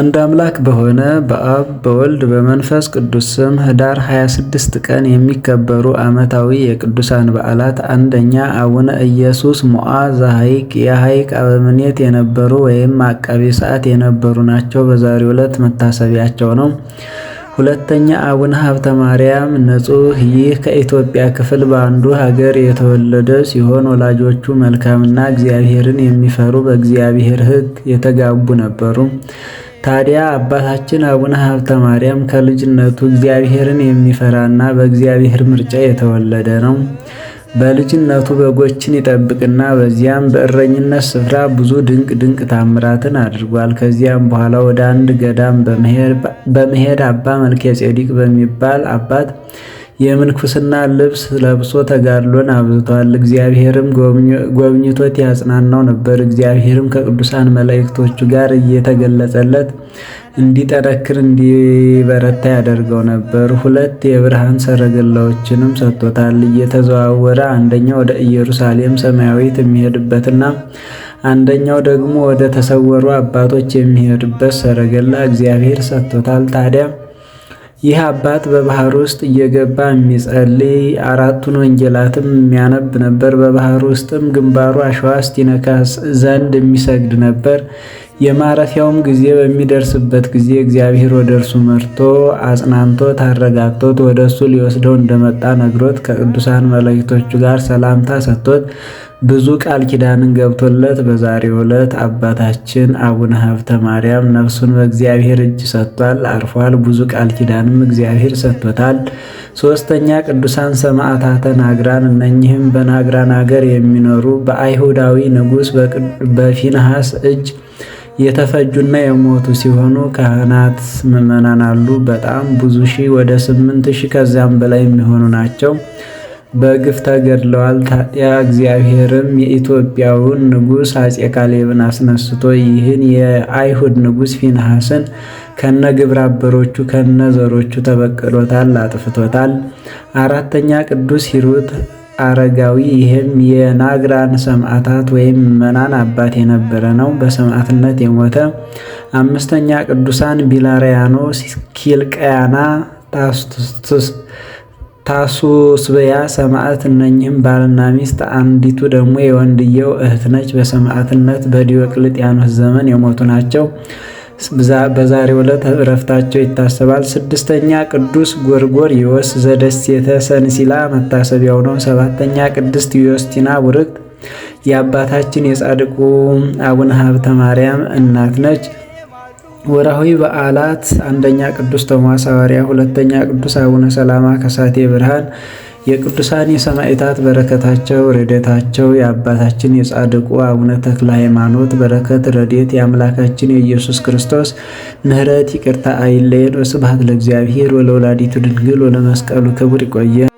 አንድ አምላክ በሆነ በአብ በወልድ በመንፈስ ቅዱስ ስም ህዳር 26 ቀን የሚከበሩ ዓመታዊ የቅዱሳን በዓላት፣ አንደኛ አቡነ ኢየሱስ ሞአ ዘሐይቅ የሐይቅ አበምኔት የነበሩ ወይም አቃቢ ሰዓት የነበሩ ናቸው። በዛሬው ዕለት መታሰቢያቸው ነው። ሁለተኛ አቡነ ሀብተ ማርያም ንጹህ ይህ ከኢትዮጵያ ክፍል በአንዱ ሀገር የተወለደ ሲሆን ወላጆቹ መልካምና እግዚአብሔርን የሚፈሩ በእግዚአብሔር ሕግ የተጋቡ ነበሩ። ታዲያ አባታችን አቡነ ሀብተ ማርያም ከልጅነቱ እግዚአብሔርን የሚፈራና በእግዚአብሔር ምርጫ የተወለደ ነው። በልጅነቱ በጎችን ይጠብቅና በዚያም በእረኝነት ስፍራ ብዙ ድንቅ ድንቅ ታምራትን አድርጓል። ከዚያም በኋላ ወደ አንድ ገዳም በመሄድ አባ መልከ ጼዴቅ በሚባል አባት የምንኩስና ልብስ ለብሶ ተጋድሎን አብዝቷል። እግዚአብሔርም ጎብኝቶት ያጽናናው ነበር። እግዚአብሔርም ከቅዱሳን መላእክቶቹ ጋር እየተገለጸለት እንዲጠነክር እንዲበረታ ያደርገው ነበር። ሁለት የብርሃን ሰረገላዎችንም ሰጥቶታል። እየተዘዋወረ አንደኛው ወደ ኢየሩሳሌም ሰማያዊት የሚሄድበትና አንደኛው ደግሞ ወደ ተሰወሩ አባቶች የሚሄድበት ሰረገላ እግዚአብሔር ሰጥቶታል። ታዲያ ይህ አባት በባህር ውስጥ እየገባ የሚጸልይ አራቱን ወንጌላትም የሚያነብ ነበር። በባህር ውስጥም ግንባሩ አሸዋ እስኪነካ ዘንድ የሚሰግድ ነበር። የማረፊያውም ጊዜ በሚደርስበት ጊዜ እግዚአብሔር ወደ እርሱ መርቶ አጽናንቶት አረጋግቶት ወደ እሱ ሊወስደው እንደመጣ ነግሮት ከቅዱሳን መላእክቶቹ ጋር ሰላምታ ሰጥቶት ብዙ ቃል ኪዳንን ገብቶለት በዛሬው ዕለት አባታችን አቡነ ሀብተ ማርያም ነፍሱን በእግዚአብሔር እጅ ሰጥቷል፣ አርፏል። ብዙ ቃል ኪዳንም እግዚአብሔር ሰጥቶታል። ሶስተኛ ቅዱሳን ሰማዕታተ ናግራን። እነኚህም በናግራን አገር የሚኖሩ በአይሁዳዊ ንጉሥ በፊንሃስ እጅ የተፈጁና የሞቱ ሲሆኑ ካህናት ምዕመናን አሉ። በጣም ብዙ ሺህ ወደ ስምንት ሺህ ከዚያም በላይ የሚሆኑ ናቸው። በግፍ ተገድለዋል። ታዲያ እግዚአብሔርም የኢትዮጵያውን ንጉሥ አፄ ካሌብን አስነስቶ ይህን የአይሁድ ንጉሥ ፊንሐስን ከነ ግብረ አበሮቹ ከነ ዘሮቹ ተበቅሎታል፣ አጥፍቶታል። አራተኛ ቅዱስ ሂሩት አረጋዊ ይህም የናግራን ሰማዕታት ወይም መናን አባት የነበረ ነው፣ በሰማዕትነት የሞተ አምስተኛ ቅዱሳን ቢላሪያኖስ፣ ኪልቀያና ታስቱስ ታሱስበያ ሰማዕት እነኚህም ባልና ሚስት አንዲቱ ደግሞ የወንድየው እህት ነች። በሰማዕትነት በዲዮቅልጥያኖስ ዘመን የሞቱ ናቸው። በዛሬው ዕለት እረፍታቸው ይታሰባል። ስድስተኛ ቅዱስ ጎርጎርዮስ ዘደሴተ ሰንሲላ መታሰቢያው ነው። ሰባተኛ ቅድስት ዮስቲና ውርቅት የአባታችን የጻድቁ አቡነ ሀብተ ማርያም እናት ነች። ወርሃዊ በዓላት አንደኛ ቅዱስ ቶማስ ሐዋርያ፣ ሁለተኛ ቅዱስ አቡነ ሰላማ ከሳቴ ብርሃን። የቅዱሳን የሰማዕታት በረከታቸው ረድኤታቸው የአባታችን የጻድቁ አቡነ ተክለ ሃይማኖት በረከት ረድኤት የአምላካችን የኢየሱስ ክርስቶስ ምሕረት ይቅርታ አይለየን። ወስብሐት ለእግዚአብሔር ወለወላዲቱ ድንግል ወለመስቀሉ ክቡር። ይቆየ